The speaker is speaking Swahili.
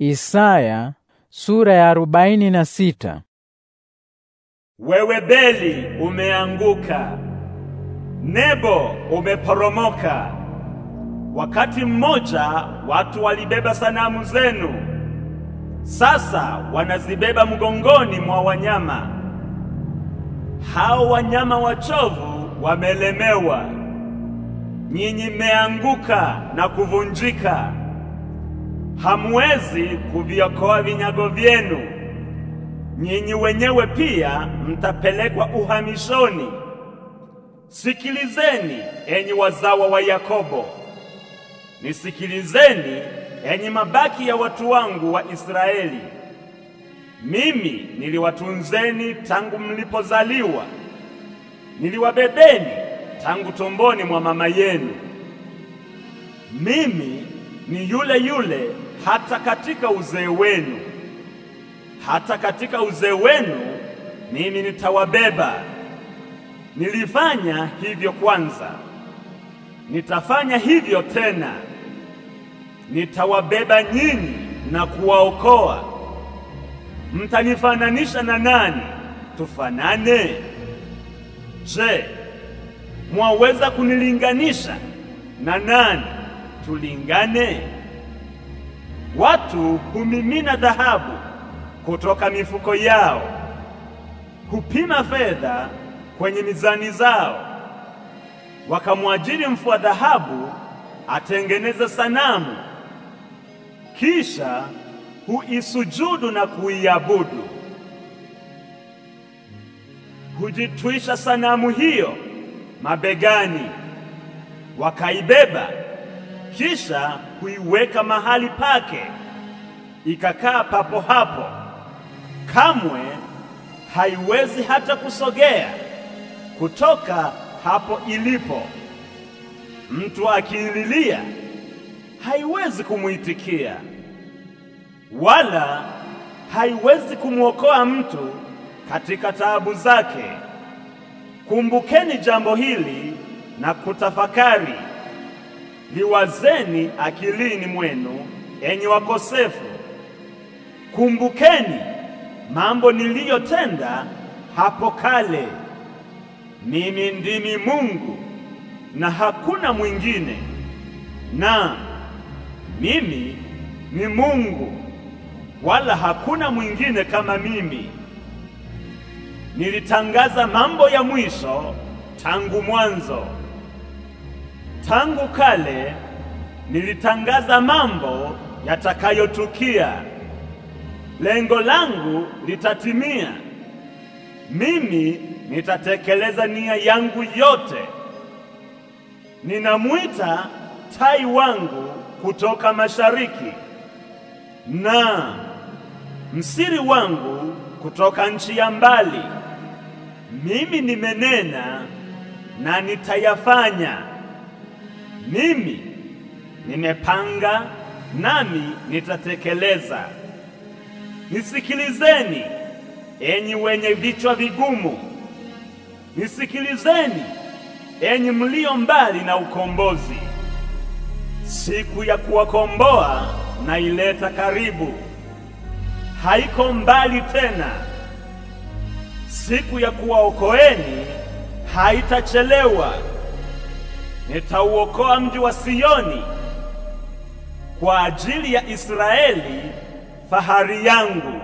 Isaya sura ya arobaini na sita. Wewe Beli umeanguka, Nebo umeporomoka. Wakati mmoja watu walibeba sanamu zenu, sasa wanazibeba mgongoni mwa wanyama. Hao wanyama wachovu wamelemewa. Nyinyi mmeanguka na kuvunjika hamwezi kuviokoa vinyago vyenu, nyinyi wenyewe pia mtapelekwa uhamishoni. Sikilizeni enyi wazawa wa Yakobo, nisikilizeni enyi mabaki ya watu wangu wa Israeli. Mimi niliwatunzeni tangu mlipozaliwa, niliwabebeni tangu tomboni mwa mama yenu. Mimi ni yule yule hata katika uzee wenu, hata katika uzee wenu mimi nitawabeba. Nilifanya hivyo kwanza, nitafanya hivyo tena, nitawabeba nyinyi na kuwaokoa. Mtanifananisha na nani? Tufanane? Je, mwaweza kunilinganisha na nani? Tulingane. Watu humimina dhahabu kutoka mifuko yao, hupima fedha kwenye mizani zao, wakamwajiri mfua dhahabu atengeneze sanamu, kisha huisujudu na kuiabudu. Hujitwisha sanamu hiyo mabegani, wakaibeba kisha kuiweka mahali pake ikakaa papo hapo, kamwe haiwezi hata kusogea kutoka hapo ilipo. Mtu akiililia haiwezi kumwitikia, wala haiwezi kumwokoa mtu katika taabu zake. Kumbukeni jambo hili na kutafakari liwazeni akilini mwenu, enyi wakosefu. Kumbukeni mambo niliyotenda hapo kale. Mimi ndimi Mungu na hakuna mwingine, na mimi ni Mungu wala hakuna mwingine kama mimi. Nilitangaza mambo ya mwisho tangu mwanzo. Tangu kale nilitangaza mambo yatakayotukia, lengo langu litatimia. Mimi nitatekeleza nia yangu yote. Ninamwita tai wangu kutoka mashariki na msiri wangu kutoka nchi ya mbali. Mimi nimenena na nitayafanya. Mimi nimepanga nami nitatekeleza. Nisikilizeni enyi wenye vichwa vigumu, nisikilizeni enyi mlio mbali na ukombozi. Siku ya kuwakomboa naileta karibu, haiko mbali tena. Siku ya kuwaokoeni haitachelewa. Nitauokoa mji wa Sioni kwa ajili ya Israeli fahari yangu.